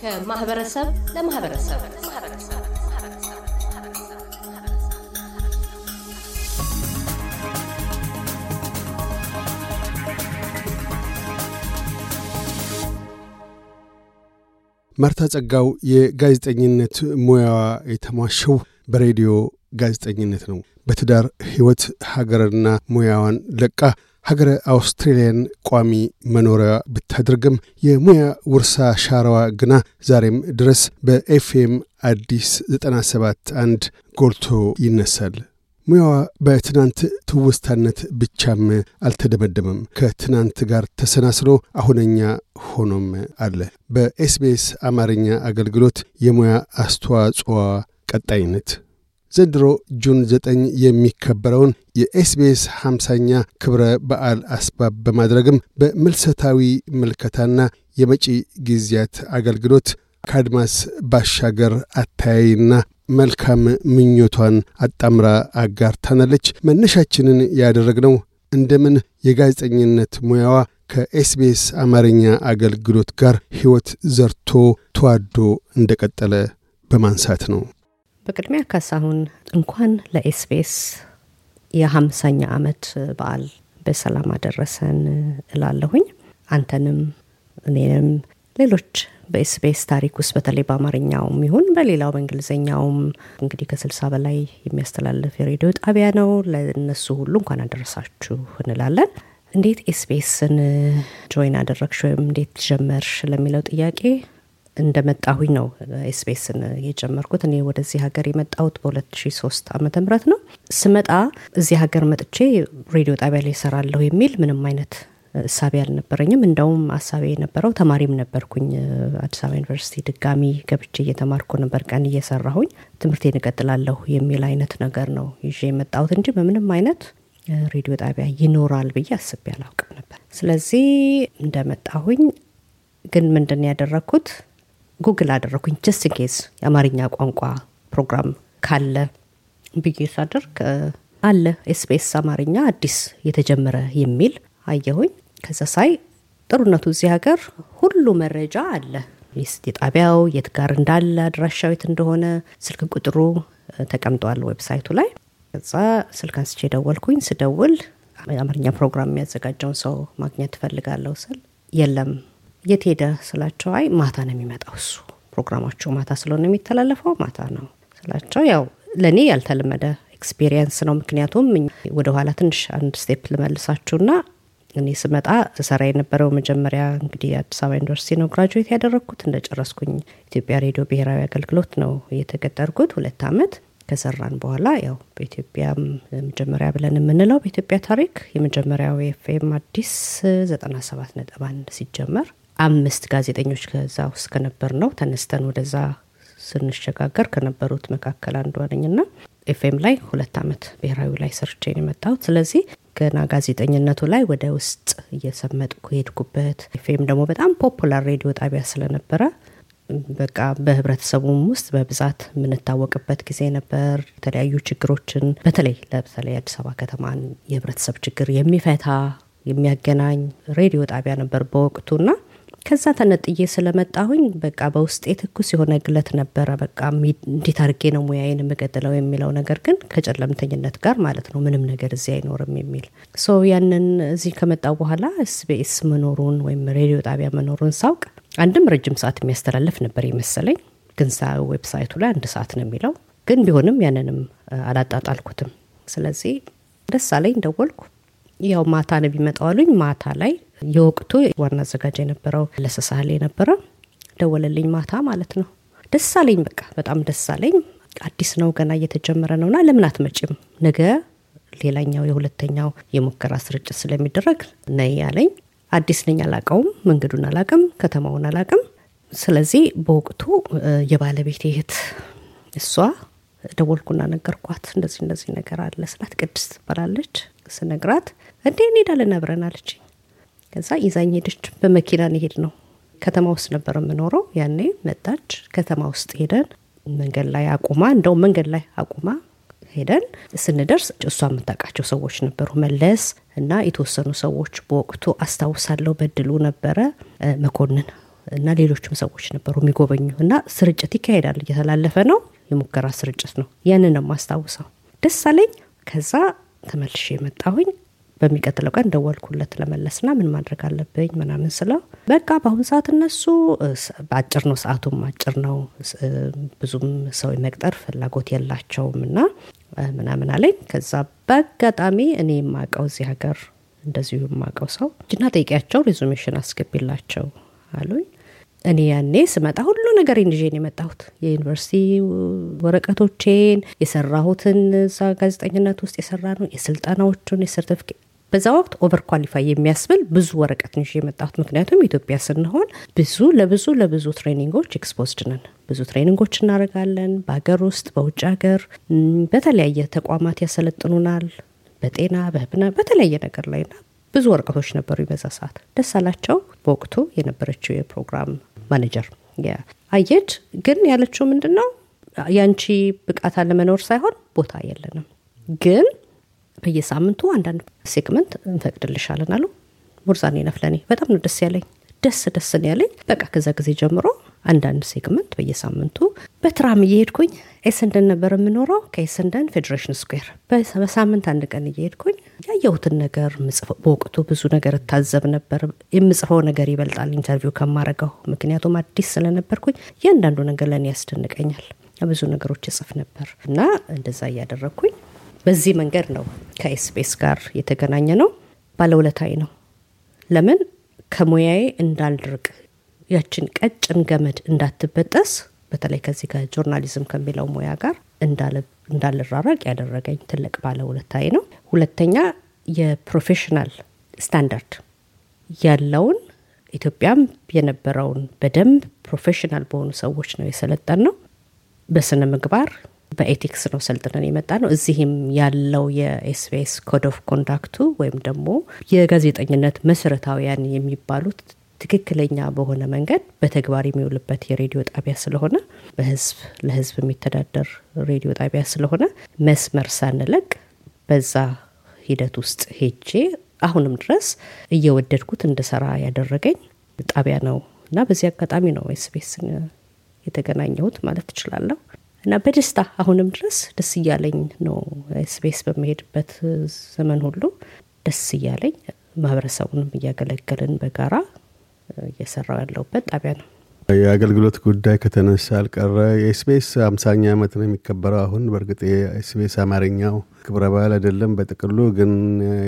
ከማህበረሰብ ለማህበረሰብ ማርታ ጸጋው የጋዜጠኝነት ሙያዋ የተሟሸው በሬዲዮ ጋዜጠኝነት ነው። በትዳር ሕይወት ሀገርና ሙያዋን ለቃ ሀገረ አውስትሬልያን ቋሚ መኖሪያ ብታደርግም የሙያ ውርሳ ሻራዋ ግና ዛሬም ድረስ በኤፍኤም አዲስ 97 አንድ ጎልቶ ይነሳል። ሙያዋ በትናንት ትውስታነት ብቻም አልተደመደመም። ከትናንት ጋር ተሰናስሎ አሁነኛ ሆኖም አለ። በኤስቢኤስ አማርኛ አገልግሎት የሙያ አስተዋጽዋ ቀጣይነት ዘንድሮ ጁን 9 የሚከበረውን የኤስቢኤስ 50ኛ ክብረ በዓል አስባብ በማድረግም በምልሰታዊ ምልከታና የመጪ ጊዜያት አገልግሎት ከአድማስ ባሻገር አታያይና መልካም ምኞቷን አጣምራ አጋርታናለች። መነሻችንን ያደረግነው እንደምን የጋዜጠኝነት ሙያዋ ከኤስቢኤስ አማርኛ አገልግሎት ጋር ሕይወት ዘርቶ ተዋዶ እንደቀጠለ በማንሳት ነው። በቅድሚያ ካሳሁን እንኳን ለኤስቤስ የሀምሳኛ አመት በዓል በሰላም አደረሰን እላለሁኝ። አንተንም እኔንም ሌሎች በኤስቤስ ታሪክ ውስጥ በተለይ በአማርኛውም ይሁን በሌላው በእንግሊዝኛውም እንግዲህ ከስልሳ በላይ የሚያስተላልፍ የሬዲዮ ጣቢያ ነው። ለእነሱ ሁሉ እንኳን አደረሳችሁ እንላለን። እንዴት ኤስቤስን ጆይን አደረግሽ ወይም እንዴት ጀመርሽ ለሚለው ጥያቄ እንደመጣሁኝ ነው ኤስቢኤስን የጀመርኩት። እኔ ወደዚህ ሀገር የመጣሁት በ 203 ዓመተ ምት ነው። ስመጣ እዚህ ሀገር መጥቼ ሬዲዮ ጣቢያ ላይ ይሰራለሁ የሚል ምንም አይነት እሳቤ አልነበረኝም። እንደውም ሀሳቤ የነበረው ተማሪም ነበርኩኝ። አዲስ አበባ ዩኒቨርሲቲ ድጋሚ ገብቼ እየተማርኩ ነበር፣ ቀን እየሰራሁኝ ትምህርት እቀጥላለሁ የሚል አይነት ነገር ነው ይዤ የመጣሁት እንጂ በምንም አይነት ሬዲዮ ጣቢያ ይኖራል ብዬ አስቤ አላውቅም ነበር። ስለዚህ እንደመጣሁኝ ግን ምንድን ያደረግኩት ጉግል አደረኩኝ ጀስት ኬዝ የአማርኛ ቋንቋ ፕሮግራም ካለ ብዬ ሳደርግ አለ ኤስቢኤስ አማርኛ አዲስ የተጀመረ የሚል አየሁኝ። ከዛ ሳይ ጥሩነቱ እዚህ ሀገር ሁሉ መረጃ አለ። የጣቢያው የት ጋር እንዳለ፣ አድራሻዊት የት እንደሆነ፣ ስልክ ቁጥሩ ተቀምጧል ዌብሳይቱ ላይ። ከዛ ስልክ አንስቼ ደወልኩኝ። ስደውል የአማርኛ ፕሮግራም የሚያዘጋጀውን ሰው ማግኘት ትፈልጋለሁ ስል የለም የት ሄደ ስላቸው አይ ማታ ነው የሚመጣው እሱ ፕሮግራማቸው ማታ ስለሆነ የሚተላለፈው ማታ ነው ስላቸው ያው ለእኔ ያልተለመደ ኤክስፔሪንስ ነው። ምክንያቱም ወደኋላ ትንሽ አንድ ስቴፕ ልመልሳችሁና እኔ ስመጣ ስሰራ የነበረው መጀመሪያ እንግዲህ አዲስ አበባ ዩኒቨርሲቲ ነው ግራጁዌት ያደረግኩት። እንደጨረስኩኝ ኢትዮጵያ ሬዲዮ ብሔራዊ አገልግሎት ነው የተቀጠርኩት ሁለት አመት ከሰራን በኋላ ያው በኢትዮጵያ መጀመሪያ ብለን የምንለው በኢትዮጵያ ታሪክ የመጀመሪያው ኤፍኤም አዲስ 97 ሰባት ነጥብ አንድ ሲጀመር አምስት ጋዜጠኞች ከዛ ውስጥ ከነበር ነው ተነስተን ወደዛ ስንሸጋገር ከነበሩት መካከል አንዷ ነኝና ኤፍኤም ላይ ሁለት ዓመት ብሔራዊ ላይ ሰርቼን የመጣሁት ስለዚህ ገና ጋዜጠኝነቱ ላይ ወደ ውስጥ እየሰመጥኩ ሄድኩበት። ኤፍኤም ደግሞ በጣም ፖፑላር ሬዲዮ ጣቢያ ስለነበረ በቃ በህብረተሰቡም ውስጥ በብዛት የምንታወቅበት ጊዜ ነበር። የተለያዩ ችግሮችን በተለይ ለተለይ አዲስ አበባ ከተማን የህብረተሰብ ችግር የሚፈታ የሚያገናኝ ሬዲዮ ጣቢያ ነበር በወቅቱና ከዛ ተነጥዬ ስለመጣሁኝ በቃ በውስጤ ትኩስ የሆነ ግለት ነበረ። በቃ እንዴት አድርጌ ነው ሙያዬን የምገጥለው የሚለው ነገር ግን ከጨለምተኝነት ጋር ማለት ነው ምንም ነገር እዚህ አይኖርም የሚል ሶ ያንን እዚህ ከመጣው በኋላ ስቤስ መኖሩን ወይም ሬዲዮ ጣቢያ መኖሩን ሳውቅ አንድም ረጅም ሰዓት የሚያስተላልፍ ነበር የመሰለኝ። ግን ሳ ዌብሳይቱ ላይ አንድ ሰዓት ነው የሚለው። ግን ቢሆንም ያንንም አላጣጣልኩትም። ስለዚህ ደስ አለኝ፣ ደወልኩ። ያው ማታ ነው ቢመጣዋሉኝ ማታ ላይ የወቅቱ ዋና አዘጋጅ የነበረው ለሰሳል የነበረ ደወለልኝ ማታ ማለት ነው። ደስ አለኝ በቃ በጣም ደስ አለኝ። አዲስ ነው ገና እየተጀመረ ነውና ለምን አትመጭም ነገ ሌላኛው የሁለተኛው የሙከራ ስርጭት ስለሚደረግ ነይ ያለኝ። አዲስ ነኝ አላቀውም፣ መንገዱን አላቅም፣ ከተማውን አላቅም። ስለዚህ በወቅቱ የባለቤት ይሄት እሷ ደወልኩና ነገርኳት እንደዚህ እንደዚህ ነገር አለ ስላት፣ ትባላለች። ስነግራት እንዴ እንሄዳለን አብረን አለችኝ። ከዛ ይዛኝ ሄደች። በመኪና ሄድ ነው ከተማ ውስጥ ነበር የምኖረው ያኔ። መጣች ከተማ ውስጥ ሄደን መንገድ ላይ አቁማ እንደው መንገድ ላይ አቁማ ሄደን ስንደርስ እሷ የምታውቃቸው ሰዎች ነበሩ። መለስ እና የተወሰኑ ሰዎች በወቅቱ አስታውሳለሁ። በድሉ ነበረ መኮንን እና ሌሎችም ሰዎች ነበሩ የሚጎበኙ እና ስርጭት ይካሄዳል። እየተላለፈ ነው፣ የሙከራ ስርጭት ነው። ያንን ነው የማስታውሰው። ደስ አለኝ። ከዛ ተመልሼ የመጣሁኝ በሚቀጥለው ቀን ደወልኩለት ለመለስና ምን ማድረግ አለብኝ ምናምን ስለው በቃ በአሁኑ ሰዓት እነሱ በአጭር ነው፣ ሰአቱም አጭር ነው፣ ብዙም ሰው የመቅጠር ፍላጎት የላቸውም እና ምናምን አለኝ። ከዛ በአጋጣሚ እኔ የማቀው እዚህ ሀገር እንደዚሁ የማቀው ሰው እጅና ጠቂያቸው ሬዙሜሽን አስገቢላቸው አሉኝ። እኔ ያኔ ስመጣ ሁሉ ነገር ንዥን የመጣሁት የዩኒቨርሲቲ ወረቀቶቼን፣ የሰራሁትን እዛ ጋዜጠኝነት ውስጥ የሰራ ነው የስልጠናዎቹን የሰርቲፊኬት በዛ ወቅት ኦቨር ኳሊፋይ የሚያስብል ብዙ ወረቀት ነው የመጣት ምክንያቱም ኢትዮጵያ ስንሆን ብዙ ለብዙ ለብዙ ትሬኒንጎች ኤክስፖዝድ ነን። ብዙ ትሬኒንጎች እናደርጋለን፣ በሀገር ውስጥ፣ በውጭ ሀገር፣ በተለያየ ተቋማት ያሰለጥኑናል፣ በጤና በህብና በተለያየ ነገር ና ብዙ ወረቀቶች ነበሩ። በዛ ሰዓት ደስ አላቸው። በወቅቱ የነበረችው የፕሮግራም ማኔጀር አየድ ግን ያለችው ምንድን ነው ያንቺ ብቃት አለመኖር ሳይሆን ቦታ የለንም ግን በየሳምንቱ አንዳንድ ሴግመንት እንፈቅድልሻለን አሉ። ሙርዛኔ ነፍለኔ በጣም ነው ደስ ያለኝ። ደስ ደስ ነው ያለኝ። በቃ ከዛ ጊዜ ጀምሮ አንዳንድ ሴግመንት በየሳምንቱ በትራም እየሄድኩኝ ኤሰንደን ነበር የምኖረው። ከኤሰንደን ፌዴሬሽን ስኩዌር በሳምንት አንድ ቀን እየሄድኩኝ ያየሁትን ነገር በወቅቱ ብዙ ነገር እታዘብ ነበር። የምጽፈው ነገር ይበልጣል ኢንተርቪው ከማረገው፣ ምክንያቱም አዲስ ስለነበርኩኝ እያንዳንዱ ነገር ለእኔ ያስደንቀኛል። ብዙ ነገሮች እጽፍ ነበር እና እንደዛ እያደረግኩኝ በዚህ መንገድ ነው ከኤስፔስ ጋር የተገናኘ ነው። ባለውለታዊ ነው። ለምን ከሙያዬ እንዳልድርቅ ያችን ቀጭን ገመድ እንዳትበጠስ በተለይ ከዚህ ከጆርናሊዝም ከሚለው ሙያ ጋር እንዳልራረቅ ያደረገኝ ትልቅ ባለውለታዬ ነው። ሁለተኛ የፕሮፌሽናል ስታንዳርድ ያለውን ኢትዮጵያም የነበረውን በደንብ ፕሮፌሽናል በሆኑ ሰዎች ነው የሰለጠን ነው። በስነ ምግባር በኤቲክስ ነው ሰልጥነን የመጣ ነው። እዚህም ያለው የኤስቢኤስ ኮድ ኦፍ ኮንዳክቱ ወይም ደግሞ የጋዜጠኝነት መሰረታዊያን የሚባሉት ትክክለኛ በሆነ መንገድ በተግባር የሚውልበት የሬዲዮ ጣቢያ ስለሆነ በህዝብ ለህዝብ የሚተዳደር ሬዲዮ ጣቢያ ስለሆነ መስመር ሳንለቅ በዛ ሂደት ውስጥ ሄጄ አሁንም ድረስ እየወደድኩት እንድሰራ ያደረገኝ ጣቢያ ነው እና በዚህ አጋጣሚ ነው ኤስቢኤስን የተገናኘሁት ማለት እችላለሁ። እና በደስታ አሁንም ድረስ ደስ እያለኝ ነው ኤስቢኤስ በመሄድበት ዘመን ሁሉ ደስ እያለኝ ማህበረሰቡንም እያገለገልን በጋራ እየሰራው ያለውበት ጣቢያ ነው። የአገልግሎት ጉዳይ ከተነሳ አልቀረ የኤስቢኤስ አምሳኛ ዓመት ነው የሚከበረው አሁን። በእርግጥ የስፔስ አማርኛው ክብረ በዓል አይደለም። በጥቅሉ ግን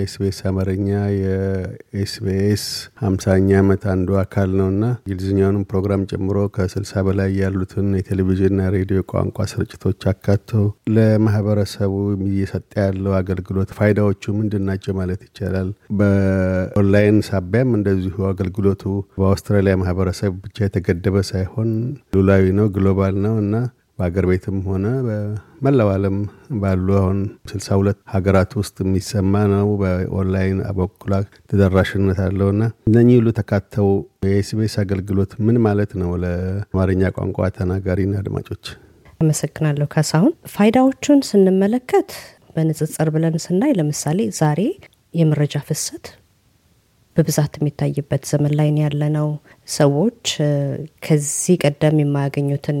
ኤስቤስ አማርኛ የኤስቤስ ሀምሳኛ ዓመት አንዱ አካል ና እንግሊዝኛውንም ፕሮግራም ጨምሮ ከስልሳ በላይ ያሉትን የቴሌቪዥንና ሬዲዮ ቋንቋ ስርጭቶች አካቶ ለማህበረሰቡ እየሰጠ ያለው አገልግሎት ፋይዳዎቹ ምንድን ናቸው ማለት ይቻላል? በኦንላይን ሳቢያም እንደዚሁ አገልግሎቱ በአውስትራሊያ ማህበረሰብ ብቻ የተገደበ ሳይሆን ሉላዊ ነው፣ ግሎባል ነው እና በሀገር ቤትም ሆነ በመላው ዓለም ባሉ አሁን ስልሳ ሁለት ሀገራት ውስጥ የሚሰማ ነው። በኦንላይን አበኩላ ተደራሽነት እና እነኚህ ሁሉ ተካተው የኤስቤስ አገልግሎት ምን ማለት ነው ለአማርኛ ቋንቋ ተናጋሪን አድማጮች? አመሰግናለሁ ካሳሁን። ፋይዳዎቹን ስንመለከት በንጽጽር ብለን ስናይ ለምሳሌ ዛሬ የመረጃ ፍሰት በብዛት የሚታይበት ዘመን ላይ ነው ሰዎች ከዚህ ቀደም የማያገኙትን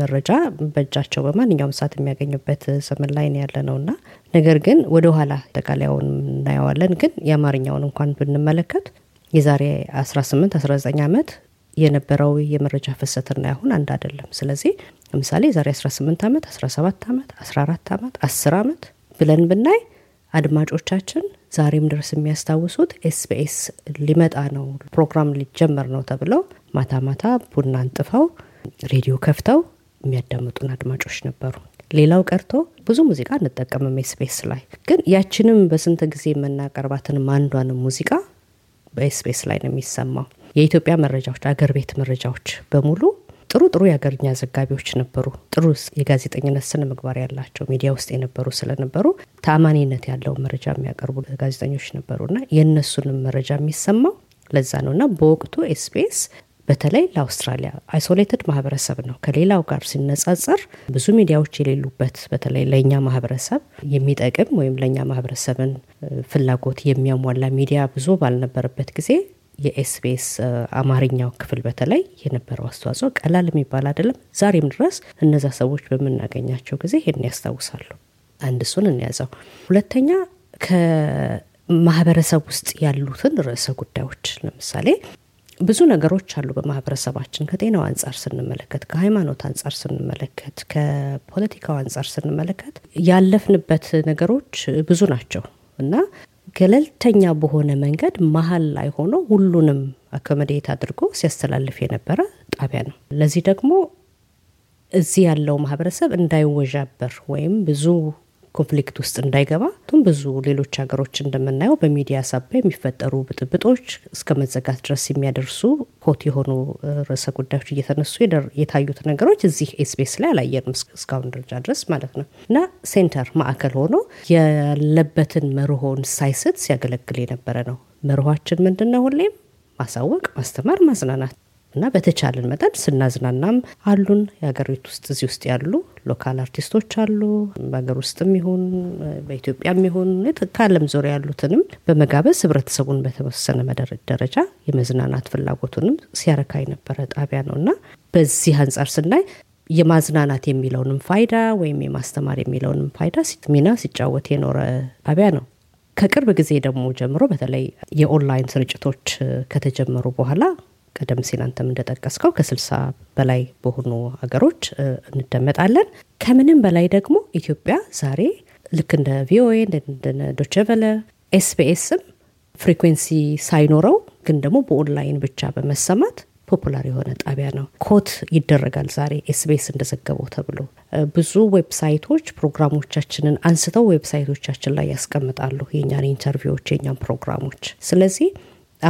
መረጃ በእጃቸው በማንኛውም ሰዓት የሚያገኙበት ዘመን ላይ ነው እና ነገር ግን ወደ ኋላ ጠቃላያውን እናየዋለን። ግን የአማርኛውን እንኳን ብንመለከት የዛሬ 18 19 ዓመት የነበረው የመረጃ ፍሰትና አሁን አንድ አይደለም። ስለዚህ ለምሳሌ የዛሬ 18 ዓመት 17 ዓመት 14 ዓመት 10 ዓመት ብለን ብናይ አድማጮቻችን ዛሬም ድረስ የሚያስታውሱት ኤስቢኤስ ሊመጣ ነው ፕሮግራም ሊጀመር ነው ተብለው ማታ ማታ ቡና አንጥፈው ሬዲዮ ከፍተው የሚያዳምጡን አድማጮች ነበሩ። ሌላው ቀርቶ ብዙ ሙዚቃ እንጠቀምም ኤስቢኤስ ላይ ግን ያችንም በስንት ጊዜ የምናቀርባትን አንዷንም ሙዚቃ በኤስቢኤስ ላይ ነው የሚሰማው። የኢትዮጵያ መረጃዎች፣ አገር ቤት መረጃዎች በሙሉ ጥሩ ጥሩ የሀገርኛ ዘጋቢዎች ነበሩ። ጥሩ የጋዜጠኝነት ስነ ምግባር ያላቸው ሚዲያ ውስጥ የነበሩ ስለነበሩ ተአማኒነት ያለው መረጃ የሚያቀርቡ ጋዜጠኞች ነበሩና የእነሱንም መረጃ የሚሰማው ለዛ ነው እና በወቅቱ ኤስፔስ በተለይ ለአውስትራሊያ አይሶሌትድ ማህበረሰብ ነው። ከሌላው ጋር ሲነጻጸር ብዙ ሚዲያዎች የሌሉበት በተለይ ለእኛ ማህበረሰብ የሚጠቅም ወይም ለእኛ ማህበረሰብን ፍላጎት የሚያሟላ ሚዲያ ብዙ ባልነበረበት ጊዜ የኤስቢኤስ አማርኛው ክፍል በተለይ የነበረው አስተዋጽኦ ቀላል የሚባል አይደለም። ዛሬም ድረስ እነዛ ሰዎች በምናገኛቸው ጊዜ ይሄን ያስታውሳሉ። አንድ እሱን እንያዘው። ሁለተኛ ከማህበረሰብ ውስጥ ያሉትን ርዕሰ ጉዳዮች ለምሳሌ ብዙ ነገሮች አሉ በማህበረሰባችን ከጤናው አንጻር ስንመለከት፣ ከሃይማኖት አንጻር ስንመለከት፣ ከፖለቲካው አንጻር ስንመለከት ያለፍንበት ነገሮች ብዙ ናቸው እና ገለልተኛ በሆነ መንገድ መሀል ላይ ሆኖ ሁሉንም አኮመዴት አድርጎ ሲያስተላልፍ የነበረ ጣቢያ ነው። ለዚህ ደግሞ እዚህ ያለው ማህበረሰብ እንዳይወዣበር ወይም ብዙ ኮንፍሊክት ውስጥ እንዳይገባ ቱም ብዙ ሌሎች ሀገሮች እንደምናየው በሚዲያ ሳቢያ የሚፈጠሩ ብጥብጦች እስከ መዘጋት ድረስ የሚያደርሱ ሆት የሆኑ ርዕሰ ጉዳዮች እየተነሱ የታዩት ነገሮች እዚህ ኤስቤስ ላይ አላየንም እስካሁን ደረጃ ድረስ ማለት ነው እና ሴንተር ማዕከል ሆኖ ያለበትን መርሆን ሳይስት ሲያገለግል የነበረ ነው። መርኋችን ምንድን ነው? ሁሌም ማሳወቅ፣ ማስተማር፣ ማዝናናት እና በተቻለን መጠን ስናዝናናም አሉን የሀገሪቱ ውስጥ እዚህ ውስጥ ያሉ ሎካል አርቲስቶች አሉ። በሀገር ውስጥም ይሁን በኢትዮጵያም ይሁን ከዓለም ዙሪያ ያሉትንም በመጋበዝ ህብረተሰቡን በተወሰነ መደረግ ደረጃ የመዝናናት ፍላጎቱንም ሲያረካ የነበረ ጣቢያ ነው እና በዚህ አንጻር ስናይ የማዝናናት የሚለውንም ፋይዳ ወይም የማስተማር የሚለውንም ፋይዳ ሚና ሲጫወት የኖረ ጣቢያ ነው። ከቅርብ ጊዜ ደግሞ ጀምሮ በተለይ የኦንላይን ስርጭቶች ከተጀመሩ በኋላ ቀደም ሲል አንተም እንደጠቀስከው ከስልሳ በላይ በሆኑ ሀገሮች እንደመጣለን። ከምንም በላይ ደግሞ ኢትዮጵያ ዛሬ ልክ እንደ ቪኦኤ እንደ ዶቸቨለ ኤስቢኤስም ፍሪኩንሲ ሳይኖረው ግን ደግሞ በኦንላይን ብቻ በመሰማት ፖፑላር የሆነ ጣቢያ ነው። ኮት ይደረጋል ዛሬ ኤስቢኤስ እንደዘገበው ተብሎ ብዙ ዌብሳይቶች ፕሮግራሞቻችንን አንስተው ዌብሳይቶቻችን ላይ ያስቀምጣሉ የኛን ኢንተርቪዎች፣ የኛን ፕሮግራሞች። ስለዚህ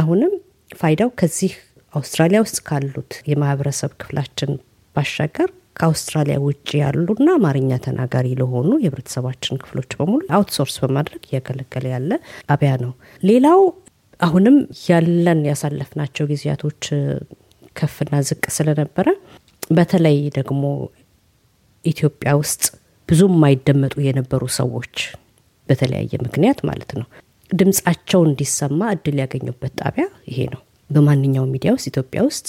አሁንም ፋይዳው ከዚህ አውስትራሊያ ውስጥ ካሉት የማህበረሰብ ክፍላችን ባሻገር ከአውስትራሊያ ውጭ ያሉና አማርኛ ተናጋሪ ለሆኑ የህብረተሰባችን ክፍሎች በሙሉ አውትሶርስ በማድረግ እያገለገለ ያለ አብያ ነው። ሌላው አሁንም ያለን ያሳለፍናቸው ጊዜያቶች ከፍና ዝቅ ስለነበረ በተለይ ደግሞ ኢትዮጵያ ውስጥ ብዙ የማይደመጡ የነበሩ ሰዎች በተለያየ ምክንያት ማለት ነው ድምጻቸው እንዲሰማ እድል ያገኙበት ጣቢያ ይሄ ነው። በማንኛውም ሚዲያ ውስጥ ኢትዮጵያ ውስጥ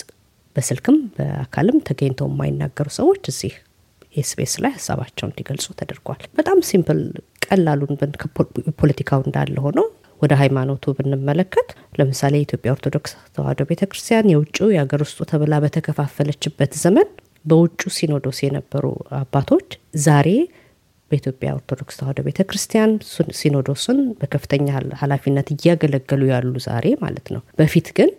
በስልክም በአካልም ተገኝተው የማይናገሩ ሰዎች እዚህ ኤስቢኤስ ላይ ሀሳባቸውን እንዲገልጹ ተደርጓል። በጣም ሲምፕል ቀላሉን ፖለቲካው እንዳለ ሆነው ወደ ሃይማኖቱ ብንመለከት ለምሳሌ የኢትዮጵያ ኦርቶዶክስ ተዋህዶ ቤተ ክርስቲያን የውጭው የአገር ውስጡ ተብላ በተከፋፈለችበት ዘመን በውጩ ሲኖዶስ የነበሩ አባቶች ዛሬ በኢትዮጵያ ኦርቶዶክስ ተዋሕዶ ቤተ ክርስቲያን ሲኖዶስን በከፍተኛ ኃላፊነት እያገለገሉ ያሉ ዛሬ ማለት ነው። በፊት ግን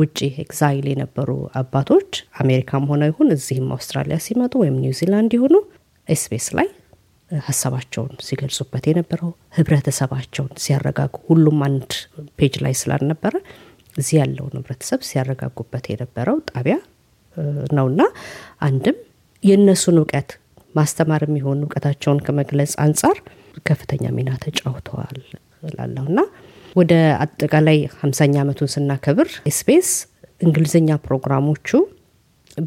ውጪ ኤግዛይል የነበሩ አባቶች አሜሪካም ሆነ ይሁን እዚህም አውስትራሊያ ሲመጡ ወይም ኒውዚላንድ የሆኑ ኤስፔስ ላይ ሀሳባቸውን ሲገልጹበት የነበረው ህብረተሰባቸውን ሲያረጋጉ ሁሉም አንድ ፔጅ ላይ ስላልነበረ እዚህ ያለውን ህብረተሰብ ሲያረጋጉበት የነበረው ጣቢያ ነውና አንድም የእነሱን እውቀት ማስተማር የሚሆን እውቀታቸውን ከመግለጽ አንጻር ከፍተኛ ሚና ተጫውተዋል ላለውና። ወደ አጠቃላይ ሃምሳኛ ዓመቱን ስናከብር ስፔስ እንግሊዝኛ ፕሮግራሞቹ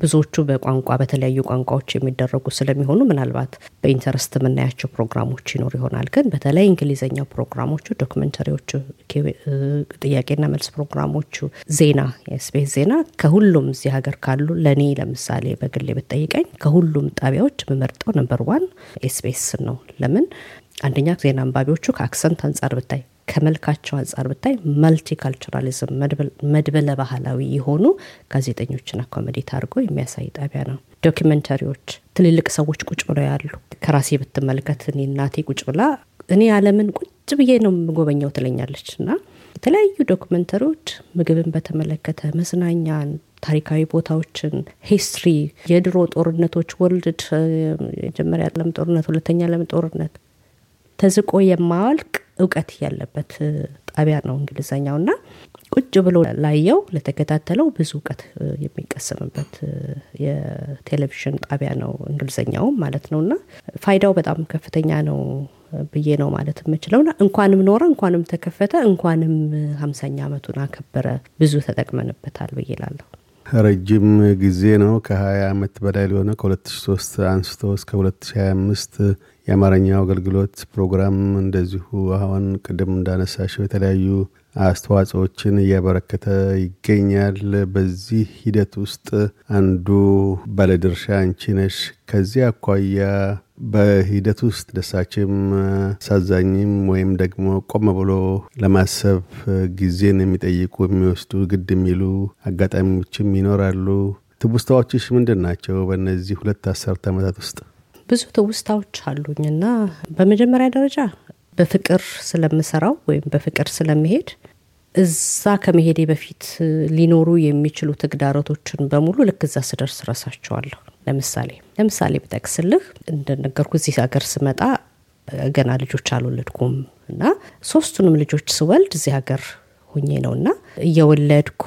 ብዙዎቹ በቋንቋ በተለያዩ ቋንቋዎች የሚደረጉ ስለሚሆኑ ምናልባት በኢንተረስት የምናያቸው ፕሮግራሞች ይኖር ይሆናል። ግን በተለይ እንግሊዝኛ ፕሮግራሞቹ፣ ዶክመንተሪዎቹ፣ ጥያቄና መልስ ፕሮግራሞቹ፣ ዜና፣ የስፔስ ዜና ከሁሉም እዚህ ሀገር ካሉ ለእኔ ለምሳሌ በግሌ ብጠይቀኝ ከሁሉም ጣቢያዎች የምመርጠው ነበር ዋን ስፔስ ነው። ለምን? አንደኛ ዜና አንባቢዎቹ ከአክሰንት አንጻር ብታይ ከመልካቸው አንጻር ብታይ መልቲ ካልቸራሊዝም መድበለ ባህላዊ የሆኑ ጋዜጠኞችን አኮመዴት አድርጎ የሚያሳይ ጣቢያ ነው። ዶኪመንታሪዎች ትልልቅ ሰዎች ቁጭ ብለው ያሉ ከራሴ ብትመለከት እኔ እናቴ ቁጭ ብላ እኔ አለምን ቁጭ ብዬ ነው የምጎበኘው ትለኛለች እና የተለያዩ ዶክመንተሪዎች ምግብን በተመለከተ መዝናኛን፣ ታሪካዊ ቦታዎችን፣ ሂስትሪ፣ የድሮ ጦርነቶች፣ ወልድድ የመጀመሪያ ለም ጦርነት፣ ሁለተኛ ለም ጦርነት ተዝቆ የማዋልቅ እውቀት ያለበት ጣቢያ ነው እንግሊዘኛው ና ቁጭ ብሎ ላየው ለተከታተለው ብዙ እውቀት የሚቀሰምበት የቴሌቪዥን ጣቢያ ነው እንግሊዘኛውም ማለት ነውና ፋይዳው በጣም ከፍተኛ ነው ብዬ ነው ማለት የምችለውና እንኳንም ኖረ እንኳንም ተከፈተ እንኳንም ሀምሳኛ አመቱን አከበረ ብዙ ተጠቅመንበታል ብዬ ላለሁ። ረጅም ጊዜ ነው። ከ20 ዓመት በላይ ሊሆነ ከ 203 አንስቶ እስከ 2025 የአማርኛው አገልግሎት ፕሮግራም እንደዚሁ አሁን ቅድም እንዳነሳሸው የተለያዩ አስተዋጽኦችን እያበረከተ ይገኛል። በዚህ ሂደት ውስጥ አንዱ ባለድርሻ አንቺ ነሽ። ከዚህ አኳያ በሂደት ውስጥ ደሳችም አሳዛኝም ወይም ደግሞ ቆም ብሎ ለማሰብ ጊዜን የሚጠይቁ የሚወስዱ ግድ የሚሉ አጋጣሚዎችም ይኖራሉ። ትውስታዎችሽ ምንድን ናቸው? በእነዚህ ሁለት አስርተ ዓመታት ውስጥ ብዙ ትውስታዎች አሉኝ እና በመጀመሪያ ደረጃ በፍቅር ስለምሰራው ወይም በፍቅር ስለምሄድ እዛ ከመሄዴ በፊት ሊኖሩ የሚችሉ ተግዳሮቶችን በሙሉ ልክ እዛ ስደርስ ረሳቸዋለሁ። ለምሳሌ ለምሳሌ ብጠቅስልህ እንደነገርኩ እዚህ ሀገር ስመጣ ገና ልጆች አልወለድኩም እና ሶስቱንም ልጆች ስወልድ እዚህ ሀገር ሁኜ ነው እና እየወለድኩ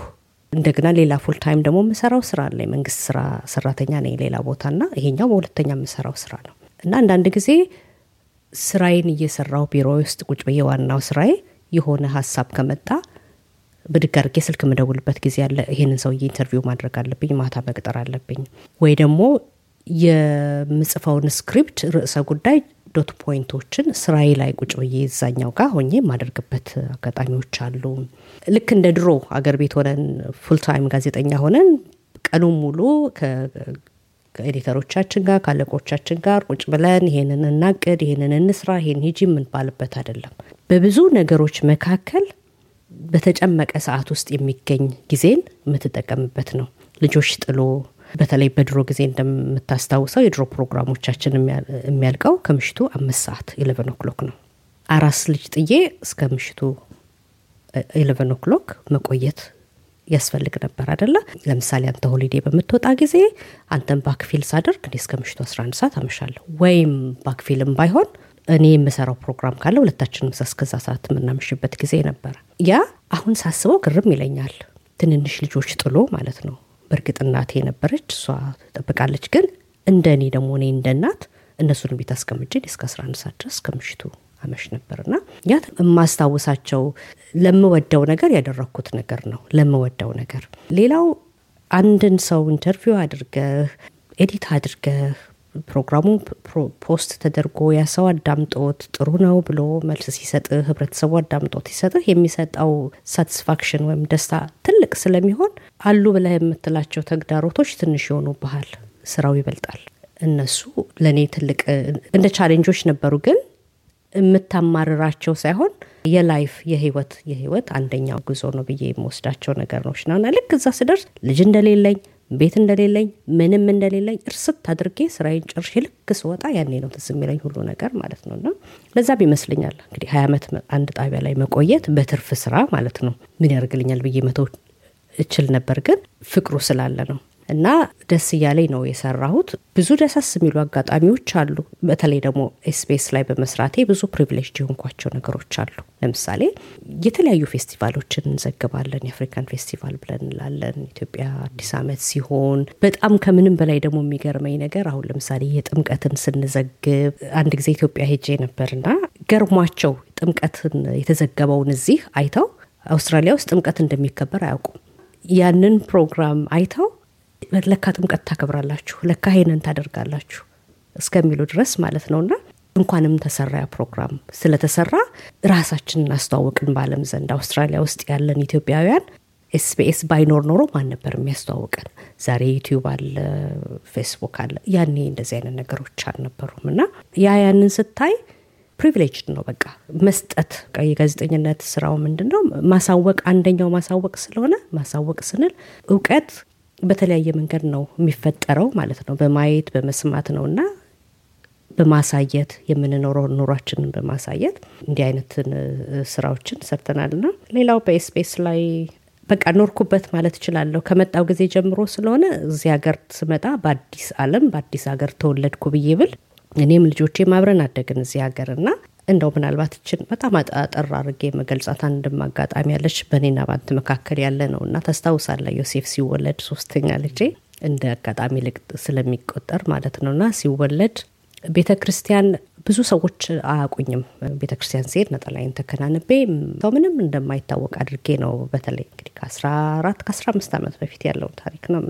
እንደገና ሌላ ፉል ታይም ደግሞ የምሰራው ስራ አለ። መንግስት ስራ ሰራተኛ ነኝ ሌላ ቦታ ና ይሄኛው በሁለተኛ የምሰራው ስራ ነው እና አንዳንድ ጊዜ ስራዬን እየሰራው ቢሮ ውስጥ ቁጭ ዋናው ስራዬ የሆነ ሀሳብ ከመጣ ብድግ አድርጌ ስልክ የምደውልበት ጊዜ አለ። ይሄንን ሰውዬ ኢንተርቪው ማድረግ አለብኝ፣ ማታ መቅጠር አለብኝ። ወይ ደግሞ የምጽፈውን ስክሪፕት ርዕሰ ጉዳይ ዶት ፖይንቶችን ስራዬ ላይ ቁጭ ብዬ እዛኛው ጋር ሆኜ የማደርግበት አጋጣሚዎች አሉ። ልክ እንደ ድሮ አገር ቤት ሆነን ፉልታይም ጋዜጠኛ ሆነን ቀኑን ሙሉ ከኤዲተሮቻችን ጋር ከአለቆቻችን ጋር ቁጭ ብለን ይሄንን እናቅድ፣ ይሄንን እንስራ፣ ይሄን ሂጂ የምንባልበት አይደለም። በብዙ ነገሮች መካከል በተጨመቀ ሰዓት ውስጥ የሚገኝ ጊዜን የምትጠቀምበት ነው። ልጆች ጥሎ በተለይ በድሮ ጊዜ እንደምታስታውሰው የድሮ ፕሮግራሞቻችን የሚያልቀው ከምሽቱ አምስት ሰዓት ኢሌቨን ኦክሎክ ነው። አራስ ልጅ ጥዬ እስከ ምሽቱ ኢሌቨን ኦክሎክ መቆየት ያስፈልግ ነበር አደለ? ለምሳሌ አንተ ሆሊዴ በምትወጣ ጊዜ አንተን ባክፊል ሳደርግ እኔ እስከ ምሽቱ 11 ሰዓት አመሻለሁ ወይም ባክፊልም ባይሆን እኔ የምሰራው ፕሮግራም ካለ ሁለታችንም እስከዛ ሰዓት የምናምሽበት ጊዜ ነበረ። ያ አሁን ሳስበው ግርም ይለኛል። ትንንሽ ልጆች ጥሎ ማለት ነው። በእርግጥ እናቴ የነበረች እሷ ትጠብቃለች፣ ግን እንደ እኔ ደግሞ እኔ እንደ እናት እነሱን ቤት አስቀምጬ እስከ 11 ሰዓት ድረስ ከምሽቱ አመሽ ና ያ የማስታውሳቸው ለምወደው ነገር ያደረግኩት ነገር ነው። ለምወደው ነገር ሌላው አንድን ሰው ኢንተርቪው አድርገህ ኤዲት አድርገህ ፕሮግራሙ ፖስት ተደርጎ ያ ሰው አዳምጦት ጥሩ ነው ብሎ መልስ ሲሰጥህ ህብረተሰቡ አዳምጦት ሲሰጥህ የሚሰጠው ሳቲስፋክሽን ወይም ደስታ ትልቅ ስለሚሆን አሉ ብለህ የምትላቸው ተግዳሮቶች ትንሽ የሆኑ ባህል ስራው ይበልጣል። እነሱ ለእኔ ትልቅ እንደ ቻሌንጆች ነበሩ፣ ግን የምታማርራቸው ሳይሆን የላይፍ የህይወት የህይወት አንደኛው ጉዞ ነው ብዬ የምወስዳቸው ነገር ነው ሽናና ልክ እዛ ስደርስ ልጅ እንደሌለኝ ቤት እንደሌለኝ ምንም እንደሌለኝ እርስት አድርጌ ስራዬን ጨርሼ ልክ ስወጣ ያኔ ነው ትዝ የሚለኝ ሁሉ ነገር ማለት ነው። እና ለዛም ይመስለኛል እንግዲህ ሃያ ዓመት አንድ ጣቢያ ላይ መቆየት በትርፍ ስራ ማለት ነው ምን ያደርግልኛል ብዬ መተው እችል ነበር። ግን ፍቅሩ ስላለ ነው እና ደስ እያለኝ ነው የሰራሁት። ብዙ ደሳስ የሚሉ አጋጣሚዎች አሉ። በተለይ ደግሞ ኤስቢኤስ ላይ በመስራቴ ብዙ ፕሪቪሌጅ የሆንኳቸው ነገሮች አሉ። ለምሳሌ የተለያዩ ፌስቲቫሎችን እንዘግባለን። የአፍሪካን ፌስቲቫል ብለን እንላለን። ኢትዮጵያ አዲስ ዓመት ሲሆን በጣም ከምንም በላይ ደግሞ የሚገርመኝ ነገር አሁን ለምሳሌ የጥምቀትን ስንዘግብ አንድ ጊዜ ኢትዮጵያ ሄጄ ነበርና ገርሟቸው ጥምቀትን የተዘገበውን እዚህ አይተው አውስትራሊያ ውስጥ ጥምቀት እንደሚከበር አያውቁም። ያንን ፕሮግራም አይተው ለካ ጥምቀት ታከብራላችሁ፣ ለካ ሄንን ታደርጋላችሁ እስከሚሉ ድረስ ማለት ነውና እንኳንም ተሰራ ያ ፕሮግራም ስለተሰራ ራሳችንን አስተዋወቅን በአለም ዘንድ አውስትራሊያ ውስጥ ያለን ኢትዮጵያውያን ኤስቢኤስ ባይኖር ኖሮ ማን ነበር የሚያስተዋውቀን? ዛሬ ዩቲዩብ አለ፣ ፌስቡክ አለ። ያኔ እንደዚህ አይነት ነገሮች አልነበሩም እና ያ ያንን ስታይ ፕሪቪሌጅ ነው በቃ መስጠት። የጋዜጠኝነት ስራው ምንድን ነው? ማሳወቅ፣ አንደኛው ማሳወቅ ስለሆነ ማሳወቅ ስንል እውቀት በተለያየ መንገድ ነው የሚፈጠረው ማለት ነው። በማየት በመስማት ነው እና በማሳየት የምንኖረው ኑሯችንን በማሳየት እንዲህ አይነትን ስራዎችን ሰርተናል ና ሌላው በኤስፔስ ላይ በቃ ኖርኩበት ማለት እችላለሁ። ከመጣው ጊዜ ጀምሮ ስለሆነ እዚህ ሀገር ስመጣ በአዲስ አለም በአዲስ ሀገር ተወለድኩ ብዬ ብል እኔም ልጆቼ ማብረን አደግን እዚህ ሀገር እና እንደው ምናልባት ችን በጣም አጠር አድርጌ መገልጻት አንድም አጋጣሚ ያለች በእኔና ባንት መካከል ያለ ነው እና ተስታውሳለ ዮሴፍ ሲወለድ ሶስተኛ ልጄ እንደ አጋጣሚ ልቅ ስለሚቆጠር ማለት ነውና ሲወለድ ቤተ ክርስቲያን ብዙ ሰዎች አያቁኝም ቤተክርስቲያን ሲሄድ ነጠላ ተከናንቤ ሰው ምንም እንደማይታወቅ አድርጌ ነው። በተለይ እንግዲህ ከ14 ከ15 ዓመት በፊት ያለውን ታሪክ ነው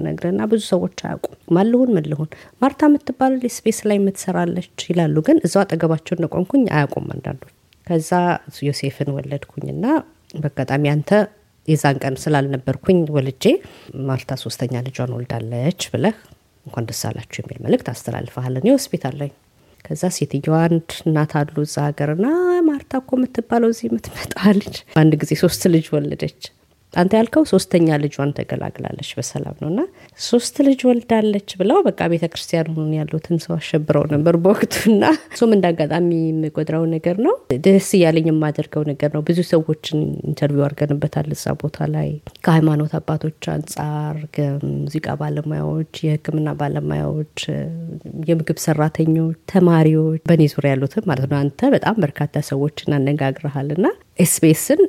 ና ብዙ ሰዎች አያውቁም። ማልሁን ምልሁን ማርታ የምትባል ስፔስ ላይ የምትሰራለች ይላሉ። ግን እዛው አጠገባቸው እንደቆምኩኝ አያውቁም አንዳንዶች። ከዛ ዮሴፍን ወለድኩኝና በአጋጣሚ አንተ የዛን ቀን ስላልነበርኩኝ ወልጄ ማርታ ሶስተኛ ልጇን ወልዳለች ብለህ እንኳን ደሳላችሁ የሚል መልእክት አስተላልፈሃለን ሆስፒታል ላይ ከዛ ሴትየዋ አንድ እናት አሉ እዛ ሀገርና ማርታ እኮ የምትባለው እዚህ የምትመጣ ልጅ በአንድ ጊዜ ሶስት ልጅ ወለደች። አንተ ያልከው ሶስተኛ ልጇን ተገላግላለች በሰላም ነው እና ሶስት ልጅ ወልዳለች ብለው በቃ ቤተ ክርስቲያኑን ያሉትን ሰው አሸብረው ነበር በወቅቱ እና እሱም እንዳጋጣሚ የምቆጥረው ነገር ነው። ደስ እያለኝ የማደርገው ነገር ነው። ብዙ ሰዎችን ኢንተርቪው አድርገንበታል እዛ ቦታ ላይ ከሃይማኖት አባቶች አንጻር፣ ሙዚቃ ባለሙያዎች፣ የህክምና ባለሙያዎች፣ የምግብ ሰራተኞች፣ ተማሪዎች፣ በእኔ ዙሪያ ያሉትን ማለት ነው። አንተ በጣም በርካታ ሰዎችን አነጋግረሃል እና ኤስቢኤስን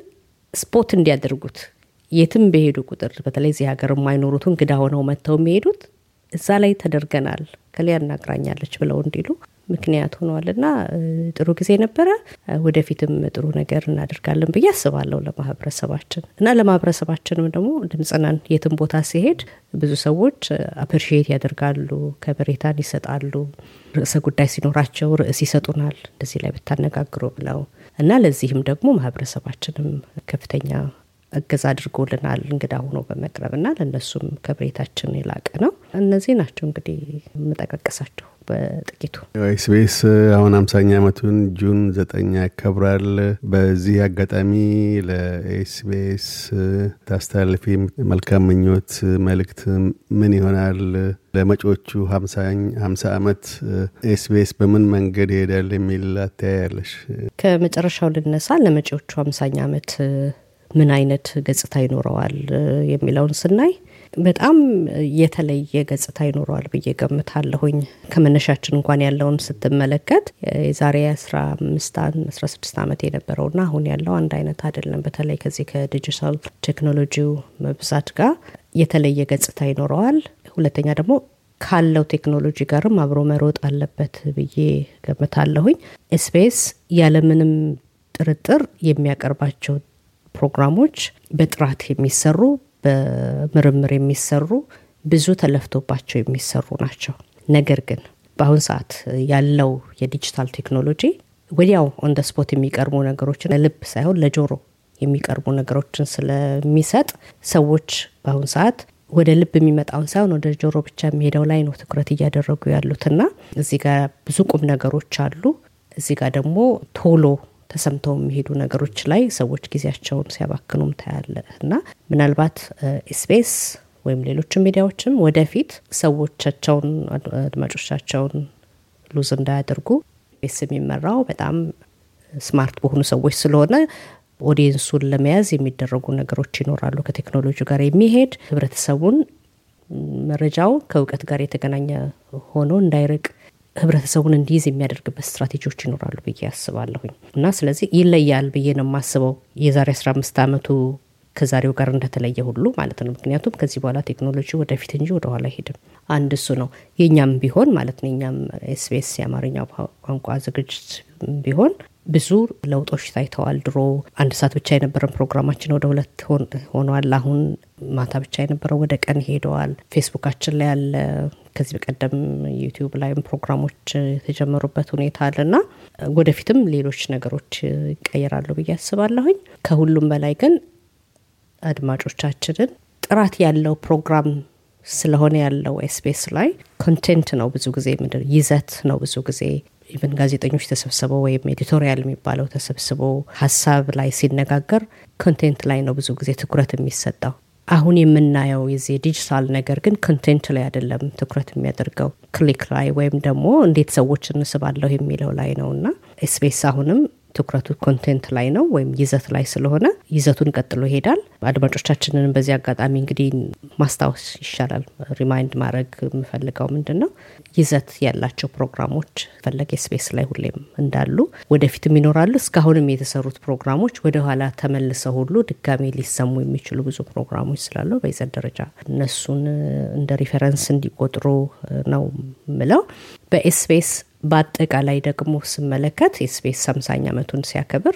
ስፖት እንዲያደርጉት የትም በሄዱ ቁጥር በተለይ እዚህ ሀገር የማይኖሩት እንግዳ ሆነው መጥተው የሚሄዱት እዛ ላይ ተደርገናል ከሊያ እናግራኛለች ብለው እንዲሉ ምክንያት ሆኗልና ጥሩ ጊዜ ነበረ። ወደፊትም ጥሩ ነገር እናደርጋለን ብዬ አስባለሁ ለማህበረሰባችን እና ለማህበረሰባችንም ደግሞ ድምፅናን የትም ቦታ ሲሄድ ብዙ ሰዎች አፕሪሽት ያደርጋሉ፣ ከበሬታን ይሰጣሉ። ርዕሰ ጉዳይ ሲኖራቸው ርዕስ ይሰጡናል እንደዚህ ላይ ብታነጋግሩ ብለው እና ለዚህም ደግሞ ማህበረሰባችንም ከፍተኛ እገዝ አድርጎልናል እንግዳ ሆኖ በመቅረብ ና ለእነሱም ክብሬታችን የላቀ ነው። እነዚህ ናቸው እንግዲህ የምጠቀቅሳቸው በጥቂቱ ኤስቢኤስ አሁን አምሳኛ ዓመቱን ጁን ዘጠኝ ያከብራል። በዚህ አጋጣሚ ለኤስቢኤስ ታስተላልፊ መልካም ምኞት መልእክት ምን ይሆናል? ለመጪዎቹ ሀምሳ ዓመት ኤስቢኤስ በምን መንገድ ይሄዳል የሚል አተያያለሽ? ከመጨረሻው ልነሳ። ለመጪዎቹ ሀምሳኛ ዓመት ምን አይነት ገጽታ ይኖረዋል የሚለውን ስናይ በጣም የተለየ ገጽታ ይኖረዋል ብዬ ገምታለሁኝ። ከመነሻችን እንኳን ያለውን ስትመለከት የዛሬ አስራ አምስት አስራ ስድስት ዓመት የነበረውና አሁን ያለው አንድ አይነት አይደለም። በተለይ ከዚህ ከዲጂታል ቴክኖሎጂው መብዛት ጋር የተለየ ገጽታ ይኖረዋል። ሁለተኛ ደግሞ ካለው ቴክኖሎጂ ጋርም አብሮ መሮጥ አለበት ብዬ ገምታለሁኝ። ስፔስ ያለምንም ጥርጥር የሚያቀርባቸው ፕሮግራሞች በጥራት የሚሰሩ በምርምር የሚሰሩ ብዙ ተለፍቶባቸው የሚሰሩ ናቸው። ነገር ግን በአሁን ሰዓት ያለው የዲጂታል ቴክኖሎጂ ወዲያው ኦንደ ስፖት የሚቀርቡ ነገሮችን ለልብ ሳይሆን ለጆሮ የሚቀርቡ ነገሮችን ስለሚሰጥ ሰዎች በአሁን ሰዓት ወደ ልብ የሚመጣውን ሳይሆን ወደ ጆሮ ብቻ የሚሄደው ላይ ነው ትኩረት እያደረጉ ያሉትና እዚህ ጋር ብዙ ቁም ነገሮች አሉ። እዚህ ጋር ደግሞ ቶሎ ተሰምተው የሚሄዱ ነገሮች ላይ ሰዎች ጊዜያቸውን ሲያባክኑም ታያለ እና ምናልባት ስፔስ ወይም ሌሎችም ሚዲያዎችም ወደፊት ሰዎቻቸውን አድማጮቻቸውን ሉዝ እንዳያደርጉ ስ የሚመራው በጣም ስማርት በሆኑ ሰዎች ስለሆነ ኦዲየንሱን ለመያዝ የሚደረጉ ነገሮች ይኖራሉ። ከቴክኖሎጂ ጋር የሚሄድ ህብረተሰቡን መረጃው ከእውቀት ጋር የተገናኘ ሆኖ እንዳይርቅ ህብረተሰቡን እንዲይዝ የሚያደርግበት ስትራቴጂዎች ይኖራሉ ብዬ አስባለሁኝ እና ስለዚህ ይለያል ብዬ ነው የማስበው የዛሬ 15 ዓመቱ ከዛሬው ጋር እንደተለየ ሁሉ ማለት ነው። ምክንያቱም ከዚህ በኋላ ቴክኖሎጂ ወደፊት እንጂ ወደኋላ ሄድም አንድ እሱ ነው። የእኛም ቢሆን ማለት ነው የኛም ኤስቢኤስ የአማርኛ ቋንቋ ዝግጅት ቢሆን ብዙ ለውጦች ታይተዋል። ድሮ አንድ ሰዓት ብቻ የነበረን ፕሮግራማችን ወደ ሁለት ሆኗል። አሁን ማታ ብቻ የነበረው ወደ ቀን ሄደዋል። ፌስቡካችን ላይ ያለ ከዚህ በቀደም ዩቲዩብ ላይም ፕሮግራሞች የተጀመሩበት ሁኔታ ና ወደፊትም ሌሎች ነገሮች ይቀየራሉ ብዬ አስባለሁኝ። ከሁሉም በላይ ግን አድማጮቻችንን ጥራት ያለው ፕሮግራም ስለሆነ ያለው ኤስፔስ ላይ ኮንቴንት ነው ብዙ ጊዜ ምድር ይዘት ነው ብዙ ጊዜ ኢቨን ጋዜጠኞች ተሰብስበው ወይም ኤዲቶሪያል የሚባለው ተሰብስቦ ሀሳብ ላይ ሲነጋገር ኮንቴንት ላይ ነው ብዙ ጊዜ ትኩረት የሚሰጠው። አሁን የምናየው የዚህ ዲጂታል ነገር ግን ኮንቴንት ላይ አይደለም ትኩረት የሚያደርገው ክሊክ ላይ ወይም ደግሞ እንዴት ሰዎች እንስባለሁ የሚለው ላይ ነው እና ኤስቤስ አሁንም ትኩረቱ ኮንቴንት ላይ ነው ወይም ይዘት ላይ ስለሆነ ይዘቱን ቀጥሎ ይሄዳል። አድማጮቻችንን በዚህ አጋጣሚ እንግዲህ ማስታወስ ይሻላል። ሪማይንድ ማድረግ የምፈልገው ምንድን ነው ይዘት ያላቸው ፕሮግራሞች ፈለግ የስፔስ ላይ ሁሌም እንዳሉ ወደፊትም ይኖራሉ። እስካሁንም የተሰሩት ፕሮግራሞች ወደኋላ ተመልሰው ሁሉ ድጋሜ ሊሰሙ የሚችሉ ብዙ ፕሮግራሞች ስላሉ በይዘት ደረጃ እነሱን እንደ ሪፈረንስ እንዲቆጥሩ ነው ምለው በኤስፔስ በአጠቃላይ ደግሞ ስመለከት ኤስቢኤስ ሃምሳኛ ዓመቱን ሲያከብር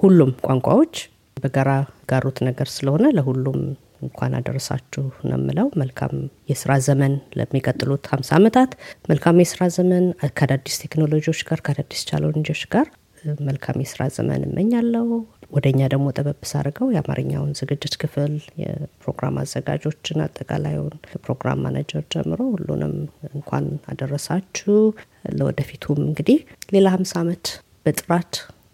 ሁሉም ቋንቋዎች በጋራ ጋሩት ነገር ስለሆነ ለሁሉም እንኳን አደረሳችሁ ነው የምለው። መልካም የስራ ዘመን ለሚቀጥሉት ሃምሳ ዓመታት መልካም የስራ ዘመን ከአዳዲስ ቴክኖሎጂዎች ጋር ከአዳዲስ ቻለንጆች ጋር መልካም የስራ ዘመን እመኛለው ወደ እኛ ደግሞ ጠበብ ሳርገው የአማርኛውን ዝግጅት ክፍል የፕሮግራም አዘጋጆችን አጠቃላዩን ፕሮግራም ማናጀር ጀምሮ ሁሉንም እንኳን አደረሳችሁ። ለወደፊቱም እንግዲህ ሌላ ሀምሳ ዓመት በጥራት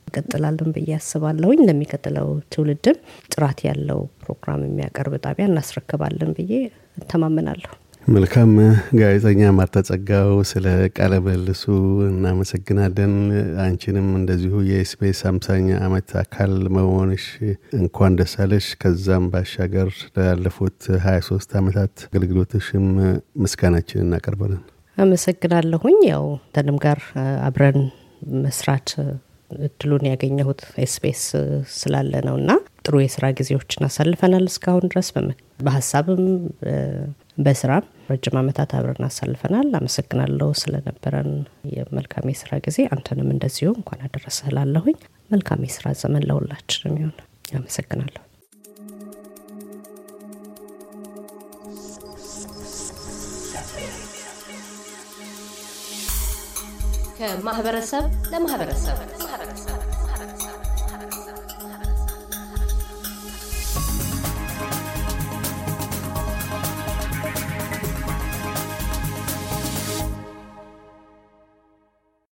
እንቀጥላለን ብዬ አስባለሁኝ። ለሚቀጥለው ትውልድም ጥራት ያለው ፕሮግራም የሚያቀርብ ጣቢያ እናስረክባለን ብዬ እተማመናለሁ። መልካም ጋዜጠኛ ማርታ ጸጋው ስለ ቃለ መልሱ እናመሰግናለን። አንቺንም እንደዚሁ የስፔስ አምሳኛ አመት አካል መሆንሽ እንኳን ደሳለሽ ከዛም ባሻገር ላለፉት 23 ዓመታት አገልግሎትሽም ምስጋናችን እናቀርበለን አመሰግናለሁኝ። ያው ተንም ጋር አብረን መስራት እድሉን ያገኘሁት ስፔስ ስላለ ነው እና ጥሩ የስራ ጊዜዎችን አሳልፈናል። እስካሁን ድረስ በሀሳብም በስራም ረጅም አመታት አብረን አሳልፈናል። አመሰግናለሁ ስለነበረን የመልካም የስራ ጊዜ። አንተንም እንደዚሁ እንኳን አደረሰህ መልካም የስራ ዘመን ለሁላችንም ይሁን። አመሰግናለሁ። ከማህበረሰብ ለማህበረሰብ